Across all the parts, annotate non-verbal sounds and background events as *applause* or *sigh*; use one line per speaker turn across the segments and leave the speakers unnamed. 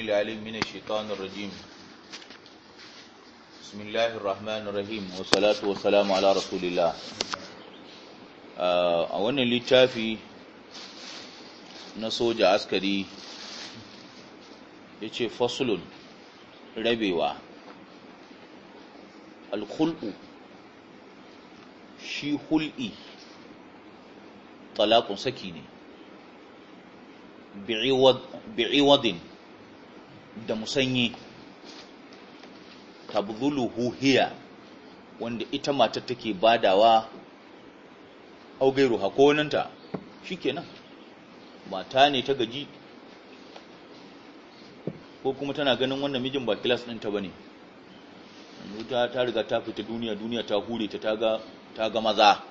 العليم من الشيطان a wannan littafi na soja askari ya ce fasulun rabewa alkulku shi hul'i talakun saki ne bi'iwadin da musanyi tabzulu hiya wanda ita matar take badawa au gairu hakoninta shikenan mata ne ta gaji ko kuma tana ganin wannan mijin ba kilas ɗinta ba ne ta ta riga ta fita duniya duniya ta hure ta taga ta ga maza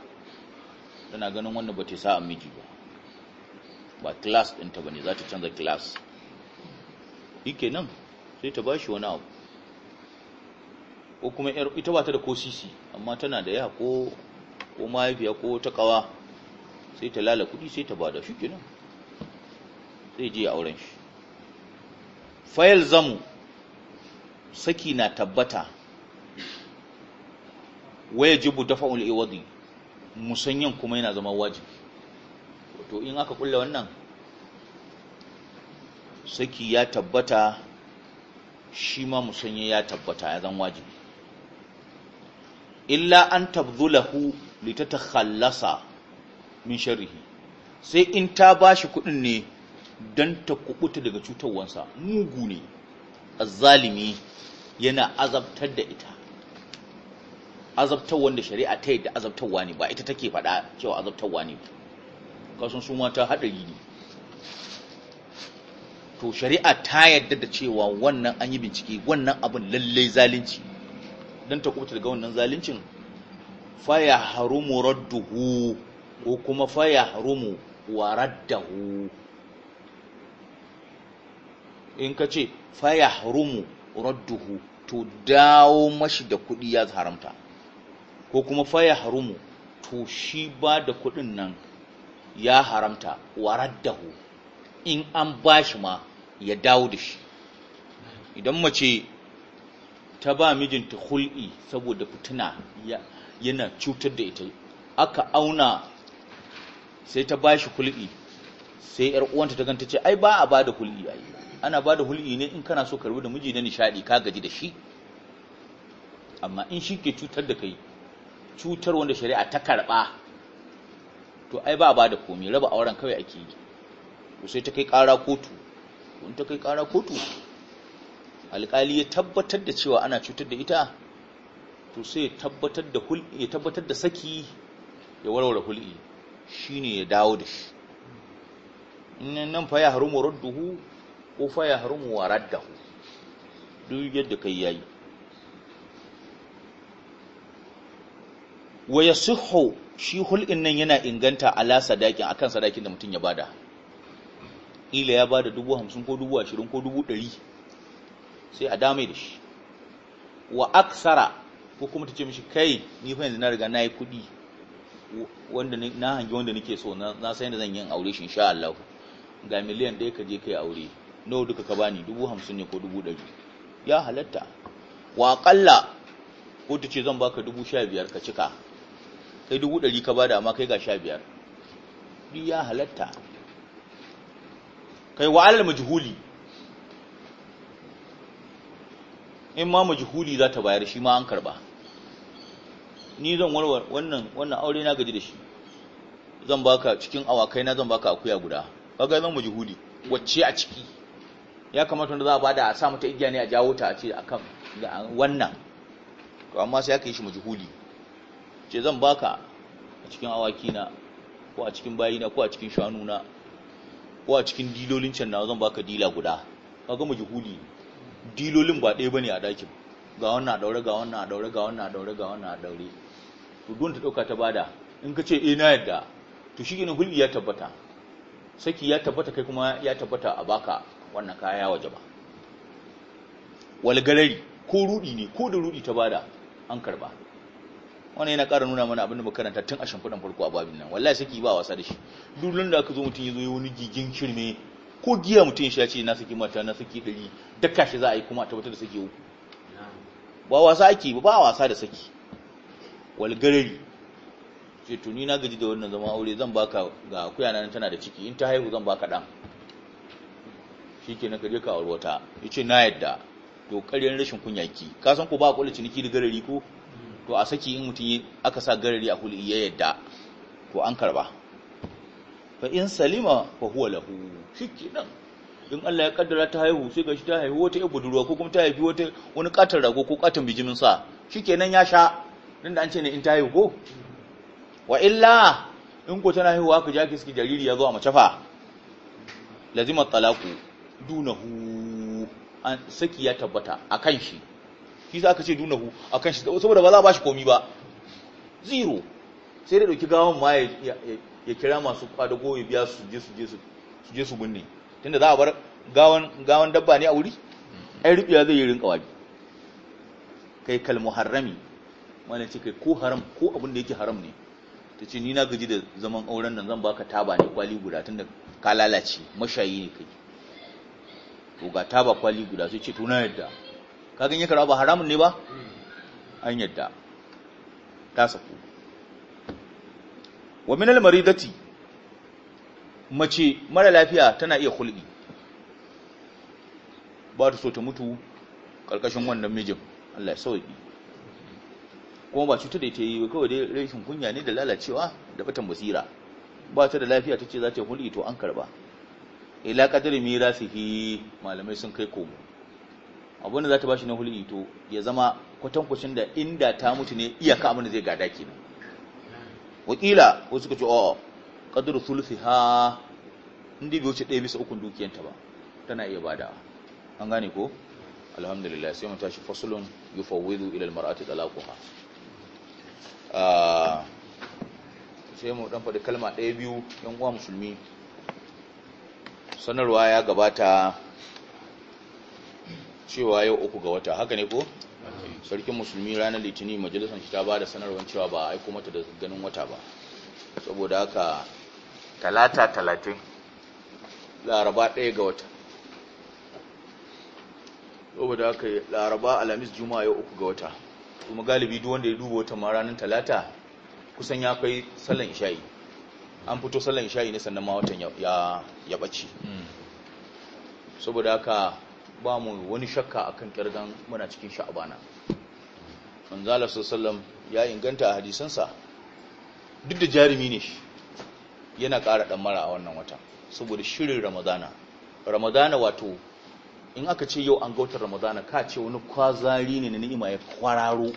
tana ganin wannan ba ta sa miji ba ba kilas ɗinta ba ne za ta canza kilas shi nan sai ta bashi wani abu ko kuma ita ba ta da ko amma tana da ya ko ko mahaifiya ko ta kawa sai ta lala kudi sai ta bada shi kenan sai je auren shi fayal zamu saki na tabbata waya jibu dafa'ul iwadi musanyan kuma yana zama wajibi to in aka kulle wannan saki ya tabbata shi ma musanye ya tabbata ya zan wajibi illa an tabzulahu litatakhallasa min sharrihi sai in ta bashi kudin ne dan ta kubuta daga cutarwansa mugu ne azzalimi yana azabtar da ita azabtar wanda shari'a ta yi da azabtarwa ne ba ita take faɗa cewa azabtarwa ne kasan su mata haɗari ne to shari'a ta yarda da cewa wannan an yi bincike wannan abin lallai zalunci don ta kubuta daga wannan zaluncin faya harumu radduhu ko kuma faya harumu wa raddahu in ka ce faya harumu radduhu to dawo mashi da kuɗi ya haramta ko kuma faya harumu to shi ba da kuɗin nan ya haramta wa raddahu in an ba shi ma ya dawo da shi idan mace ta ba mijinta hul'i saboda fituna yana cutar da ita aka auna sai ta ba shi hul'i sai yar uwanta ta ganta ce ai ba a ba da hul'i ai ana bada hul'i ne in kana so karbi da miji na nishadi ka gaji da shi amma in shi ke cutar da kai cutar wanda shari'a ta karba to ai ba a bada komai raba auren kawai ake yi sai ta kai ƙara kotu in ta kai ƙara kotu alƙali ya tabbatar da cewa ana cutar da ita to sai ya tabbatar da saki ya warware hul'i shine ya dawo da shi nan fa ya harumu radduhu ko fa ya harumu waraddahu duk yadda kai yayi wa yasihu shi hul'in nan yana inganta ala sadakin akan sadakin da mutum ya bada ila ya ba da dubu hamsin ko dubu ashirin ko dubu ɗari sai a dame da shi wa aksara ko kuma ta ce mishi kai ni fa yanzu na riga na yi kuɗi wanda na hangi wanda nake so na san yadda zan yi aure shi insha Allah ga miliyan ɗaya ka je kai aure nawa duka ka bani dubu hamsin ne ko dubu ɗari ya halatta wa aƙalla ko ta ce zan baka dubu sha biyar ka cika kai dubu ɗari ka bada amma kai ga sha biyar duk ya halatta kai wa alal majhuli in ma majhuli za ta bayar shi ma an karba ni zan warwar wannan wannan aure na gaji da shi zan baka cikin awakai na zan baka akuya guda kaga zan majhuli wacce a ciki ya kamata wanda za a bada a sa mata igiya ne a jawo ta a ce akan wannan to amma sai aka yi shi majhuli ce zan baka a cikin awaki na ko a cikin bayi na ko a cikin shanu na ko a cikin dilolin can na zan baka dila guda kaga majhuli dilolin ba ɗaya bane a dakin ga wannan a daure ga wannan a daure ga wannan a daure ga wannan a daure to don ta dauka ta bada in ka ce eh na yadda to shi ne hulɗi ya tabbata saki ya tabbata kai kuma ya tabbata a baka wannan kaya waje ba wal garari ko rudi ne ko da rudi ta bada an karba wani yana ƙara nuna mana abin da karanta tun a shimfiɗan farko a babin nan wallahi saki ba wasa da shi duk da aka zo mutum ya zo wani gigin shirme ko giya mutum ya ce na saki mata na saki ɗari dakka shi za a yi kuma a tabbatar da saki uku ba wasa ake ba wasa da saki walgarari ce to ni na gaji da wannan zama aure zan baka ga kuyana nan tana da ciki in ta haihu zan baka dan shikenan ka je ka aure wata yace na yadda to ƙaryan rashin kunya ki ka san ko ba kullu ciniki da garari ko to a saki in mutum aka sa garari a hul'i ya yadda ko an karba fa in salima fa huwa lahu nan. in Allah ya kaddara ta haihu sai gashi ta haihu wata budurwa ko kuma ta haifi wata wani katar rago ko katon bijimin sa shikenan ya sha dan da an ce ne in ta haihu ko wa illa in ko tana haihuwa ka jaki suke jariri ya zo a mace fa lazima talaku dunahu an saki ya tabbata akan shi shi za ka ce dunahu a kan shi saboda ba za a ba shi komi ba zero sai da ɗauki gawan ma ya kira masu kwadago ya biya su je su binne tunda za a bar gawan dabba ne a wuri ai rubiya zai yi rinka wabi kai kalmu harami wani ce ko haram ko abin da yake haram ne ta ce ni na gaji da zaman auren nan zan baka taba ne kwali guda tunda ka lalace mashayi ne kai ko ga taba kwali guda sai ce to yadda kagin yi karɓa ba haramun ne ba an yadda ta saku wa minal maridati mace mara lafiya tana iya hulɗi ba ta so ta mutu ƙarƙashin wannan mijin Allah ya kuma ba cuta da ta yi kawai dai rashin kunya ne da lalacewa da fatan basira ba ta da lafiya ta ce za ta hulɗi to an karɓa ila ƙadar qadri mirasihi malamai sun kai komo abinda zata za ta bashi na hul'i to ya zama kwatankwacin da inda ta mutu ne iyaka abinda zai gada nan wakila wasu suka ce o sulfi ha indi bai wuce ɗaya bisa ukun dukiyanta ba tana iya bada an gane ko alhamdulillah sai mu tashi fasulun yufawwidu ila almar'ati talaquha ah sai mu dan faɗi kalma ɗaya biyu yan uwa musulmi sanarwa ya gabata cewa yau uku ga wata haka ne ko sarkin musulmi ranar litinin majalisar shi ta ba da sanarwar cewa ba a aiko mata da ganin wata ba saboda haka talata talatin laraba ɗaya ga wata saboda haka laraba alhamis juma'a yau uku ga wata kuma galibi duk wanda ya duba wata ma ranar talata kusan ya kai sallan isha'i an fito sallan isha'i ne sannan ma watan ya bace hmm. saboda haka ba mu wani shakka a kan kirgan muna cikin sha'abana manzala sallam ya inganta a hadisansa duk da jarumi ne yana ƙara mara a wannan wata saboda shirin ramadana ramadana wato in aka ce yau an gautar ramadana ka ce wani kwazari ne na ni'ima ya kwararo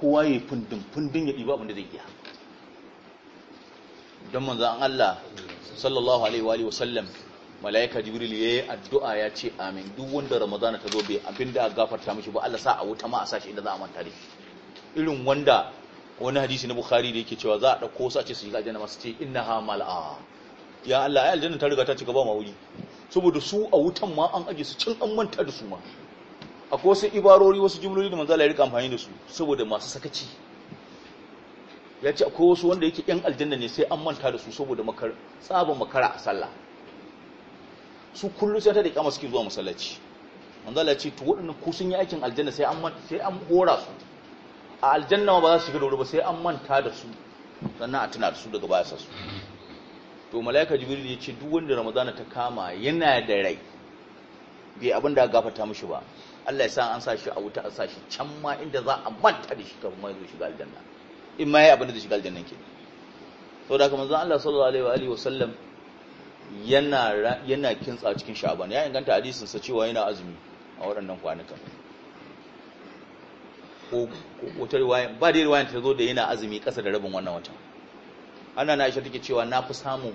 kowa ya yi fundin ya ɗiba abinda zai iya don manzan Allah sallallahu alaihi wa sallam malaika jibril yi addu'a ya ce amin duk wanda ramadana ta zo bai abinda a gafarta mishi ba Allah sa a wuta ma a sashi inda za a manta da irin wanda wani hadisi na bukhari da yake cewa za a dauko su a ce su shiga aljanna masu ce innaha mal'a ya Allah ai aljanna ta riga ta cika ba ma wuri saboda su a wutan ma an aje su cin an manta da su ma akwai wasu ibarori wasu jumloli da Allah ya rika amfani da su saboda masu sakaci ya ce akwai wasu wanda yake yan aljanna ne sai an manta da su saboda makar tsaba makara a sallah su kullum sai ta da kama suke zuwa masallaci wanda Allah ce to waɗannan ku sun yi aikin aljanna sai an sai an hora su a aljanna ba za su shiga da wuri ba sai an manta da su sannan a tuna da su daga baya sa su to malaika jibril ya ce duk wanda ramadana ta kama yana da rai bai abin da gafarta mishi ba Allah ya sa an sa shi a wuta a sa shi can ma inda za a manta da shi kafin ma zo shiga aljanna in ma yayi abin da zai shiga aljanna ke saboda haka manzon Allah sallallahu alaihi wa alihi wa sallam yana kintsa cikin sha'ban ya inganta hadisin sa cewa yana azumi a waɗannan kwanukan ko wata ba da riwaya ta zo da yana azumi ƙasa da rabin wannan watan ana na Aisha take cewa na fi samun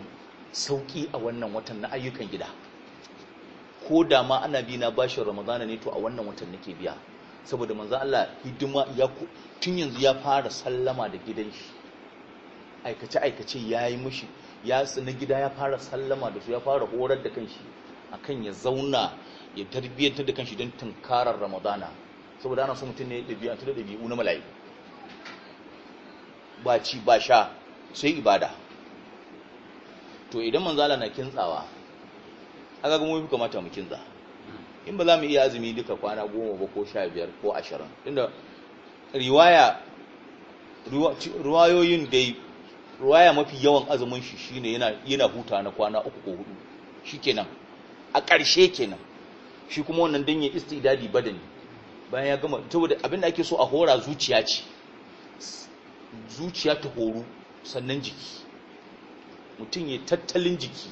sauƙi a wannan watan na ayyukan gida ko da ma ana bi na bashin ramadana ne to a wannan watan nake biya saboda manzan Allah hidima ya tun yanzu ya fara sallama da gidan shi aikace aikace ya yi mishi ya na gida ya fara sallama da su ya fara horar da kanshi akan ya zauna ya tarbiyyantar da kanshi don tunkarar ramadana saboda ana so mutum ne ɗabi'antu da ɗabi'u na mala'iku ba ci ba sha sai ibada to idan manzala na kintsawa aka ga mu kamata mu kintsa in ba za mu iya azumi duka kwana goma ba ko sha biyar ko ashirin inda riwayoyin dai ruwaya mafi yawan azumin shi shine yana yana huta na kwana uku ko hudu shikenan a ƙarshe kenan shi kuma wannan dan ya istidadi badani bayan ya gama saboda abin da ake so a hora zuciya ce zuciya ta horu sannan jiki mutum ya tattalin jiki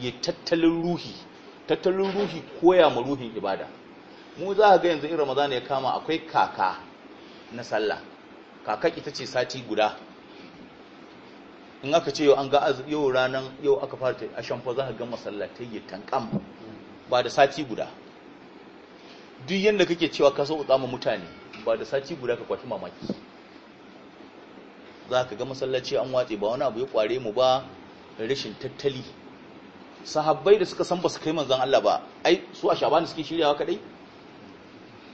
ya tattalin ruhi tattalin ruhi koya ma ruhin ibada mu za ga yanzu in ramadana ya kama akwai kaka na sallah kaka ita ce sati guda in aka ce yau an ga yau ranar yau aka fara a shamfa za ka ga masallatai ya tankan ba da sati guda duk yadda kake cewa ka sau tsama mutane ba da sati guda ka kwafi mamaki za ka ga masallaci an watse ba wani abu ya kware mu ba rashin tattali sahabbai da suka san ba su kai manzan Allah ba ai su a shabani suke shiryawa kadai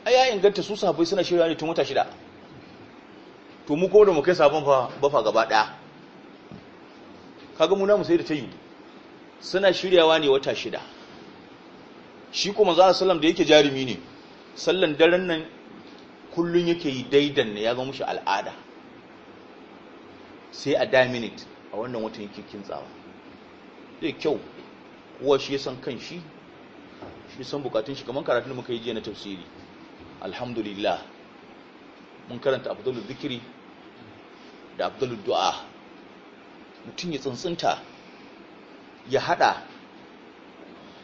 ai ya inganta su sahabbai suna shiryawa ne tun wata shida to mu ko da mu kai sabon fa ba fa gaba daya kaga mu namu sai da ta yi suna shiryawa ne wata shida shi kuma manzo sallam da yake jarumi ne sallan daren nan kullun yake yi daidan ne ya zama mushi al'ada sai a daminit a wannan watan yake kintsawa zai kyau kowa shi ya san kan shi shi san bukatun shi kamar karatun muka yi jiya na tafsiri alhamdulillah mun karanta abdullu zikiri da abdullu du'a mutum ya tsuntsunta ya hada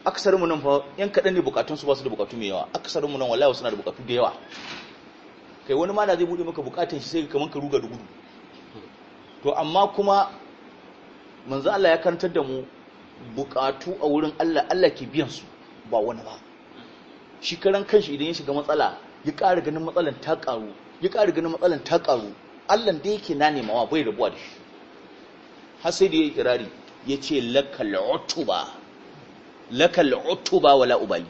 aksarinmu nan fa yan kaɗan ne su ba su da bukatu mai yawa aksarinmu nan wallahi suna da bukatu da yawa kai wani ma da zai bude maka bukatun shi sai ka ka ruga da gudu to amma kuma manzo Allah ya karantar da mu bukatu a wurin Allah Allah ke biyan su ba wani ba shi karan kanshi idan ya shiga matsala ya ƙara ganin matsalan ta ƙaru ya ƙara ganin matsalan ta ƙaru Allah da yake na nemawa bai rabuwa da shi hasidi ya yi kirari ya ce lakal otu ba wala ubali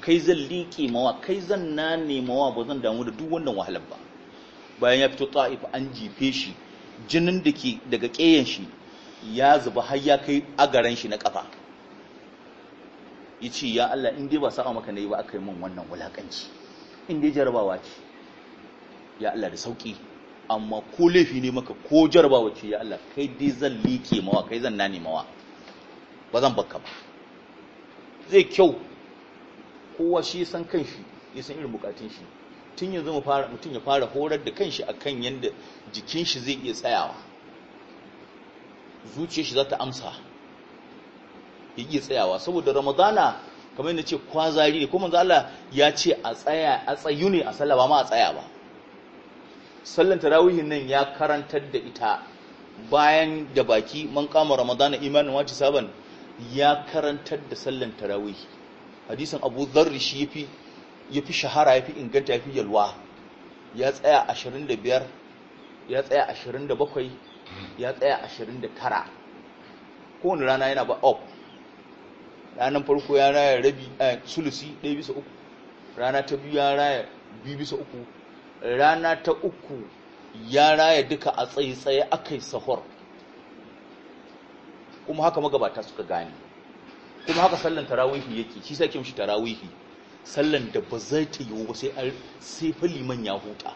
kai zan liƙe mawa kai zan na nemawa ba zan damu da duk wannan wahalar ba bayan ya fito ta'if an jefe shi jinin da ke daga ƙeyen shi ya zuba har ya kai agaran shi na ƙafa ya ce ya Allah in ba sa'a maka na yi ba aka yi min wannan wulaƙanci in dai jarabawa ce ya Allah da sauƙi amma ko laifi ne maka ko jarabawa ce ya Allah kai dai zan like mawa kai zan nane mawa ba zan baka ba zai kyau kowa shi san kanshi ya san irin bukatun shi tun yanzu mu fara mutum ya fara horar da kanshi akan yanda jikin shi zai iya tsayawa zuciyar shi za ta amsa ya iya tsayawa saboda ramadana kamar yadda ce kwazari ne ko manzo Allah ya ce a tsaya a tsayu ne a sallah ma a tsaya ba sallan tarawihin nan ya karantar da ita bayan da baki man kama ramadana imanin wace saban ya karantar da sallan tarawihi hadisin abu zarri shi yafi yafi shahara yafi inganta yafi yalwa ya tsaya 25 ya tsaya 27 ya tsaya 29 kowane rana yana ba up ranar farko ya raya rabi eh, sulusi 1 bisa 3 rana ta biyu ya raya 2 bisa rana ta uku ya raya duka a tsaye-tsaye aka yi sahur kuma haka magabata suka gane kuma haka sallan tarawihi yake shi sai kimshi tarawihi sallan da ba zai ta yi ba sai fa liman ya huta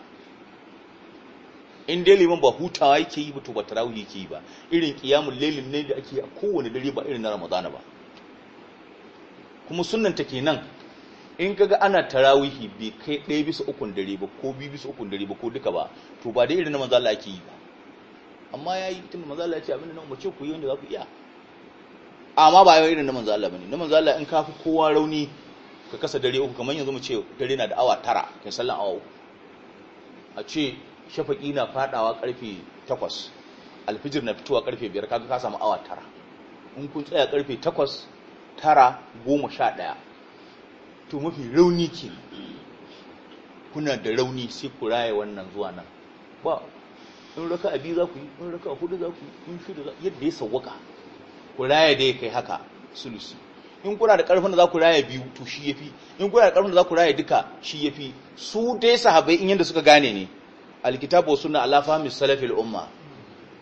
in dai liman ba hutawa yake yi ba to ba tarawihi yake yi ba irin kiyamun lelin ne da ake a kowane dare ba irin na ramadana ba kuma sunnanta ke nan. in kaga ana tarawihi bai kai ɗaya bisa ukun dare ba ko biyu bisa ukun dare ba ko duka ba to ba dai irin na manzo Allah ake yi ba amma ya yi tun maza Allah ya ce abinda nan umarce ku yi wanda za ku iya amma ba yawan irin na manzo Allah bane na manzo Allah in ka fi kowa rauni ka kasa dare uku kamar yanzu mu ce dare na da awa tara kai sallan awa uku a ce shafaki na fadawa karfe takwas alfijir na fitowa karfe biyar kaga ka samu awa tara in kun tsaya karfe takwas tara goma sha to mafi rauni ke kuna da rauni sai ku raye wannan zuwa nan ba in raka a biyu za ku yi in raka a hudu za ku yi in shida za yadda ya sawwaka ku raye da ya kai haka sulusi in kuna da karfin da za ku raye biyu to shi yafi in kuna da karfin da za ku raye duka shi yafi su dai sahabbai in yadda suka gane ne alkitabu sunna ala fahmi salafil umma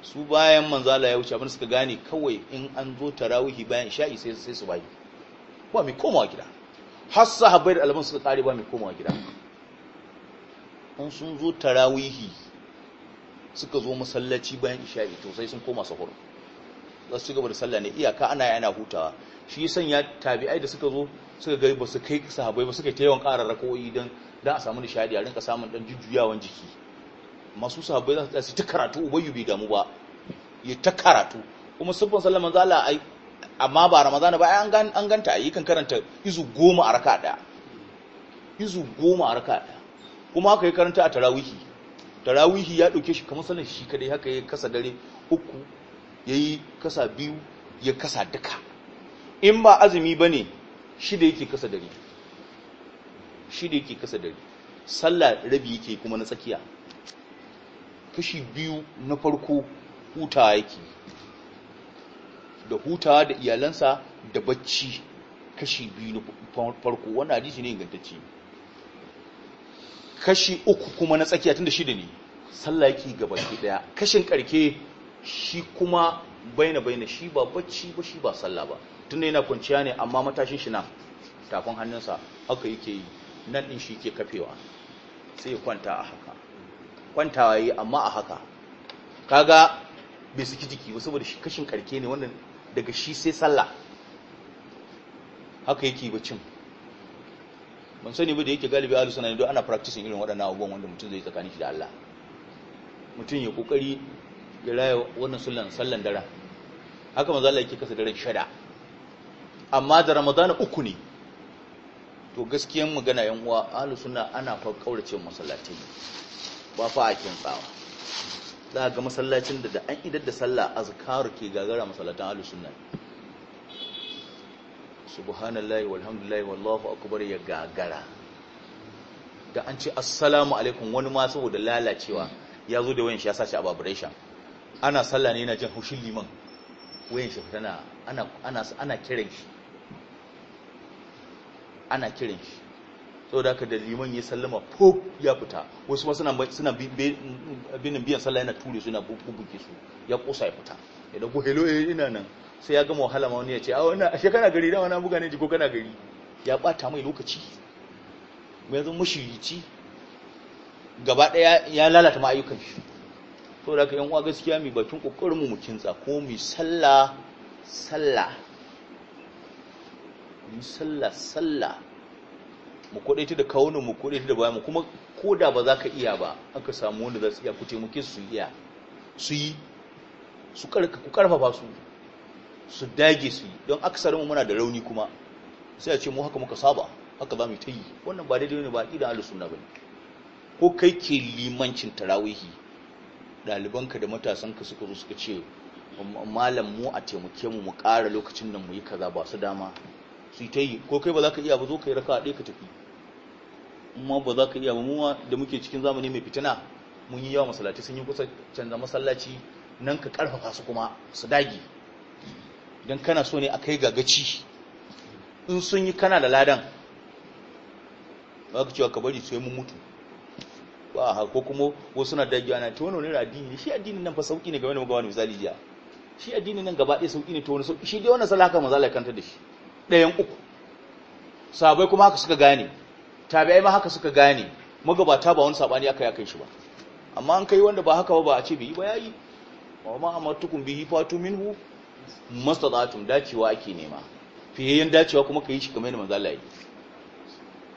su bayan manzo Allah ya wuce abin suka gane kawai in an zo tarawihi bayan sha'i sai sai su bayi ba mai komawa gida har sahabbai da alamun suka kare ba mai komawa gida in sun zo tarawihi suka zo masallaci bayan isha'i to sai sun koma sahur za su gaba da sallah ne iyaka ana yana hutawa shi ya sanya tabi'ai da suka zo suka gari ba su kai sahabbai ba suka yi ta yawan ƙara rakoyi don a samu nishadi a rinka samun ɗan jujjuyawan jiki masu sahabbai za su ta karatu ubayyu bai damu ba ya ta karatu kuma siffin sallah manzo Allah amma ba ramadana ba ai an ganta ayi yi kan karanta izu goma a raka ɗaya izu goma a raka ɗaya kuma haka ya karanta a tarawihi tarawihi ya ɗauke shi kamar sanar shi kadai haka ya kasa dare uku ya yi kasa biyu ya kasa duka in ba azumi ba ne shi da yake kasa dare shi da yake kasa dare sallah rabi yake kuma na tsakiya kashi biyu na farko huta yake da hutawa da iyalansa da bacci kashi biyu na farko wannan hadisi ne ingantacce kashi uku kuma na tsakiya tun da shida ne sallah yake gaba ki daya kashin karke shi kuma baina baina shi ba bacci ba shi ba sallah ba tunda yana kwanciya ne amma matashin shi nan tafin hannunsa haka yake yi nan din shi ke kafewa sai ya kwanta a haka kwantawa yi amma a haka kaga bai saki jiki ba saboda shi kashin karke ne wannan daga shi sai sallah haka yake bacin ban sani ba da yake galibi a lusana ne don ana practicing irin waɗannan abubuwan wanda mutum zai tsakanin shi da Allah mutum ya ƙoƙari ya raya wannan sullan sallan daren haka maza Allah yake kasa daren shada amma da ramadana uku ne to gaskiyan magana yan uwa al'usuna ana kawar cewa masallatai ba fa a kin tsawa za ga masallacin da da an idar da sallah azkaru ke gagara masallatan ahlus sunna subhanallahi walhamdulillahi wallahu akbar ya gagara da an ce assalamu alaikum wani ma saboda lalacewa ya zo da wayan shi ya sace a vibration ana sallah ne yana jin haushin liman wayan shi tana shi ana kiran shi saboda haka da liman ya sallama ko ya fita wasu ma suna binin biyan sallah yana ture su yana su ya kusa ya fita ya dago hello eh ina nan sai ya gama wahala ma wani ya ce a ah, wannan ashe kana gari da wani buga ne jiko kana gari ya bata mai lokaci yanzu mushirici gaba daya ya lalata ma ayyukan shi saboda haka yan uwa gaskiya mai bakin kokarin mu mu kintsa ko mu sallah sallah mu sallah sallah mu ta da kaunin mu ta da bayan kuma kuma da ba za ka iya ba aka samu wanda za su iya ku taimake su iya su yi su ku karfafa su su dage su yi don aksarin muna da rauni kuma sai a ce mu haka muka saba haka za mu ta yi wannan ba daidai ne ba aƙida ahlus sunna bane ko kai ke limancin tarawihi ɗalibanka da matasanka suka zo suka ce malam mu a taimake mu mu ƙara lokacin da mu yi kaza ba su dama su ta yi ko kai ba za ka iya ba zo ka yi raka ɗaya ka tafi amma ba za ka iya ba muwa da muke cikin zamani mai fitina mun yi yawa masallaci sun yi kusa canza masallaci nan ka karfafa su kuma su dage idan kana so ne a kai gagaci in sun yi kana da ladan ba ka cewa ka bari sai mun mutu ba a ko kuma wasu na dage ana ta wani wani addini shi addinin nan fa sauki ne game da magawa misali jiya shi addini nan gaba ɗaya sauki ne ta wani sauki shi dai wani salaka haka maza da shi ɗayan uku sabai kuma haka suka gane ai ma haka suka gane magabata ba wani sabani aka ya shi ba amma an kai wanda ba haka ba ba a ce bai ba yayi wa ma tukun bihi fatu minhu mastadatum dacewa ake nema fiye yan dacewa kuma kai shi kamar yadda manzo Allah yi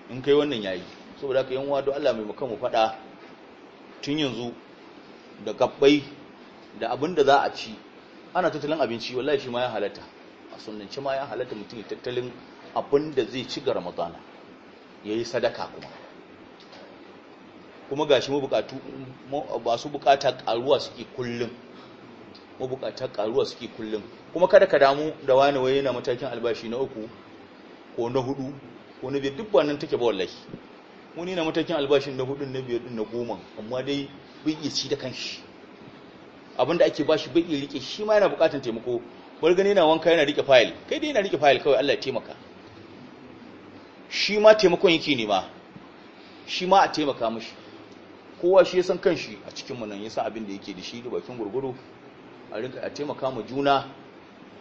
in kai wannan yayi saboda ka yan don Allah mai maka mu fada tun yanzu da gabbai da abinda da za a ci ana tattalin abinci wallahi shi ma ya halatta sunanci ma ya halatta mutum ya tattalin abin da zai ci ga ramadana ya yi sadaka kuma kuma ga shi masu bukata karuwa suke kullum mabukata karuwa suke kullum kuma kada ka damu da wani waye yana matakin albashi na uku ko na hudu ko na biyar duk wannan take ba wallahi mu na matakin albashin na hudu na biyar din na goma amma dai bai iya ci da kanshi abinda ake bashi bai iya rike shi ma yana bukatan taimako bar gani na wanka yana rike fayil kai dai yana rike fayil kawai Allah ya taimaka shi ma taimakon yake ma, shi ma a taimaka mishi kowa shi ya san kanshi a cikin mu nan ya san abin da yake da shi da bakin gurguru a rinka a taimaka mu juna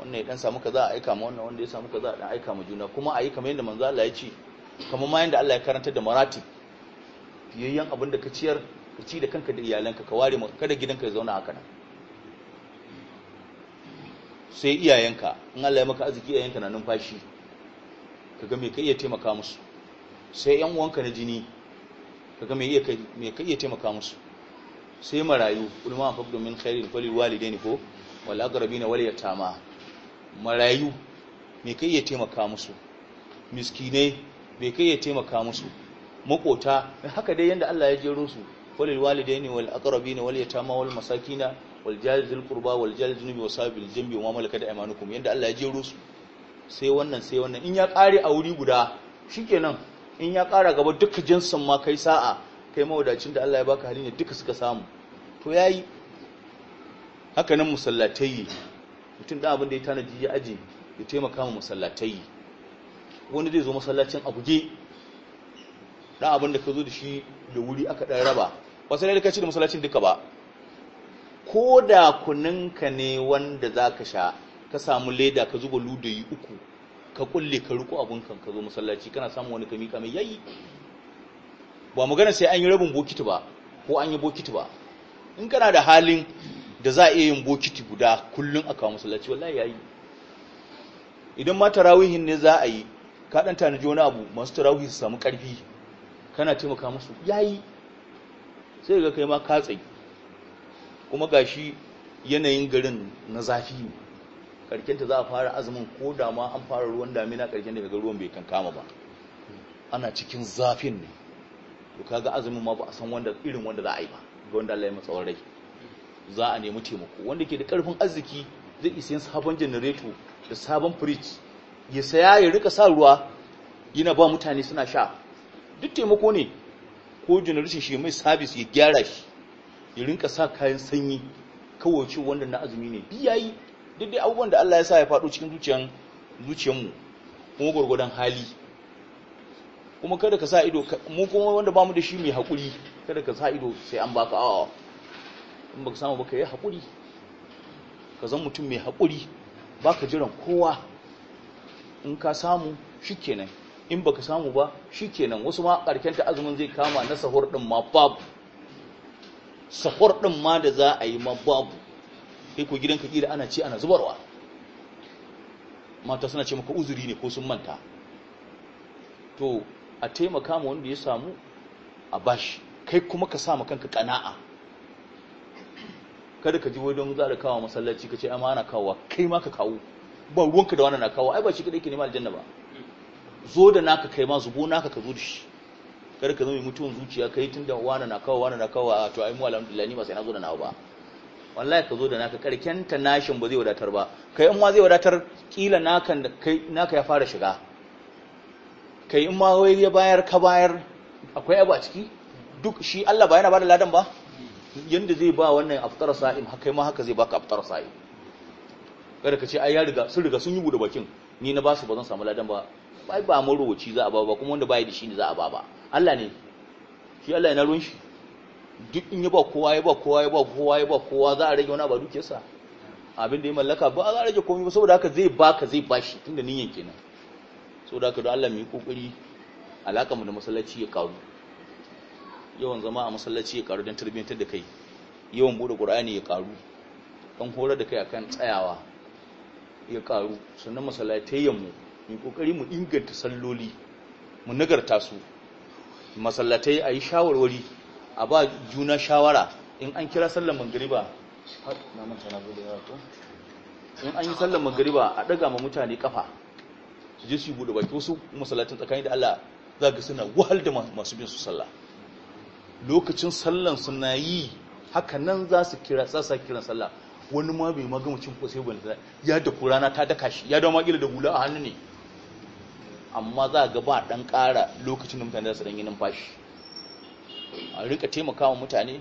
wannan ya dan samu kaza a aika ma wannan wanda ya samu kaza a dan aika ma juna kuma a yi kamar yadda manzo Allah ya ce kamar ma yanda Allah ya karanta da maratib fiyayyen abin da ka ciyar ka ci da kanka da iyalanka ka ware kada gidanka ya zauna haka nan sai iyayenka in Allah ya maka arziki iyayenka na numfashi kaga me ka iya taimaka musu sai yan uwanka na jini kaga me iya me ka iya taimaka musu sai marayu ulama fabdu min khairin falil walidaini ko wal aqrabina wal yatama marayu me ka iya taimaka musu miskinai me ka iya taimaka musu makota haka dai yanda Allah ya jero su na walidaini wal aqrabina wal yatama wal masakina wal jalil qurba wal jalil junubi wasabil jambi wa da imanukum yanda Allah ya jero su sai wannan sai wannan in ya kare a wuri guda shikenan in ya kara gaba duka jinsin ma kai sa'a kai mawadacin da Allah ya baka hali ne duka suka samu to yayi haka nan musallatai mutum da abin da ya tanaji ya aje ya taimaka ma musallatai wani zai zo masallacin a buge da abin da ka zo da shi da wuri aka dan raba ba sai da kace da masallacin duka ba ko da kuninka ne wanda za ka sha ka samu leda ka zuba luda yi uku ka kulle ka riko abinkan ka zo masallaci kana samu wani kamika mai yayi ba magana sai an yi rabin bokiti ba ko an yi bokiti ba in kana da halin da za a iya yin bokiti guda kullum a kawo masallaci wallahi yayi idan ma tarawihin ne za a yi ka dan tanaji wani abu masu tarawihi su samu karfi kana taimaka musu yayi sai ga kai ma ka tsayi kuma ga shi yanayin garin na zafi ne karkenta za a fara azumin ko da ma an fara ruwan damina karkin da ruwan bai kankama ba ana cikin zafin ne to kaga azumin ma ba a san wanda irin wanda za a yi ba ga wanda Allah ya matsa rai za a nemi taimako wanda ke da karfin arziki zai isa yin sabon janareto da sabon fridge ya saya ya rika sa ruwa yana ba mutane suna sha duk taimako ne ko janareto shi mai sabis ya gyara shi ya rinka sa kayan sanyi kawai wanda na azumi ne biyayi duk daidai abubuwan da Allah ya sa ya faɗo cikin zuciyan zuciyanmu kuma gwargwadon hali kuma kada ka sa ido mu kuma wanda bamu da shi mai haƙuri kada ka sa ido sai an baka awa in baka samu baka yi haƙuri ka zan mutum mai haƙuri baka jiran kowa in ka samu shikenan in baka samu ba shikenan wasu ma ƙarken ta azumin zai kama na sahur din ma babu sahur ɗin ma da za a yi ma babu kai ko gidanka kila ana ci ana zubarwa mata suna ce maka uzuri ne ko sun manta to a taimaka ma wanda ya samu a bashi kai kuma ka sa kanka kana'a kada ka ji wadon za da kawo masallaci ka ce amma ana kawo kai ma ka kawo ba ruwanka da wani na kawo ai ba shi kadai ke nema aljanna ba zo da naka kai ma zubo naka ka zo da shi kar ka zama mutuwan zuciya kai da wani na kawo wani na kawo a to ai mu alhamdulillah ni ba sai na zo da nawa ba wallahi ka zo da naka karken ta nashin ba zai wadatar ba kai in ma zai wadatar kila naka kai naka ya fara shiga kai in ma wai ya bayar ka bayar akwai abu a ciki duk shi Allah ba yana bada ladan ba yanda zai ba wannan aftar sa'im kai ma haka zai baka aftar sa'im kada ka ce ai ya riga sun riga sun yi bude bakin ni na ba su ba zan samu ladan ba bai ba rubuci za a ba ba kuma wanda bai da shi ne za a ba ba Allah ne shi Allah yana ruwan duk in ya ba kowa ya ba kowa ya ba kowa ya ba kowa za a rage wani abu sa abin da ya mallaka ba za a rage komai ba saboda haka zai baka zai bashi tunda niyan kenan saboda haka don Allah mu yi kokari alaka mu da masallaci ya karu yawan zama a masallaci ya karu don tarbiyyantar da kai yawan bude qur'ani ya karu dan horar da kai akan tsayawa ya karu sannan masallatayyan mu Mai kokari mu inganta salloli mu nagarta su masallatai a yi shawarwari a ba juna shawara in an kira sallar magariba in an yi sallar magariba a daga ma mutane kafa su je su bude baki wasu masallatin tsakani da Allah za ga suna wahal da masu bin su sallah lokacin sallan suna yi haka nan za su kira za kiran sallah wani ma bai magamacin ko sai ya da kurana ta daka shi ya dawo ma da hula a hannu ne amma za ga ba dan ƙara lokacin da mutane za su dan yi numfashi a rika taimakawa mutane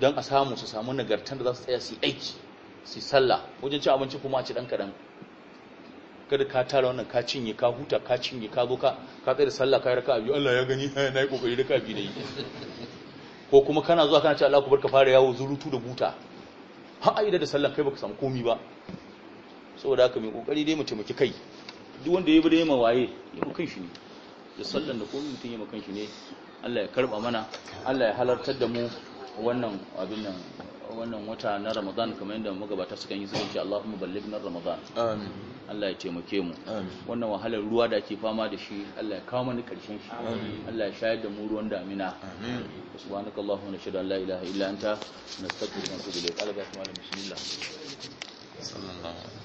don a samu su samu nagartar da za su tsaya su yi aiki su yi sallah wajen cin abinci kuma a ci dan kaɗan kada ka tara wannan ka cinye ka huta ka cinye ka zo ka ka tsaye da sallah ka yi raka biyu Allah ya gani *laughs* na yi kokari raka biyu da yi ko kuma kana zuwa kana ce Allah ku barka fara yawo zurutu da buta har aida da sallah kai baka samu komi ba saboda haka mai kokari dai mu taimaki kai duk wanda ya bude yi mawaye waye ya mu ne da sallan da komai mutum yima kanshi ne Allah ya karba mana Allah ya halartar da mu wannan abin nan wannan wata na Ramadan kamar yadda magabata suka yi Allah ce Allahumma na Ramadan amin Allah ya taimake mu wannan wahalar ruwa da ake fama da shi Allah ya kawo mana karshen shi Allah ya shayar da mu ruwan damina amin subhanakallahumma wa nashhadu an la ilaha illa anta nastaghfiruka wa natubu ilayk alaka bismillah sallallahu alaihi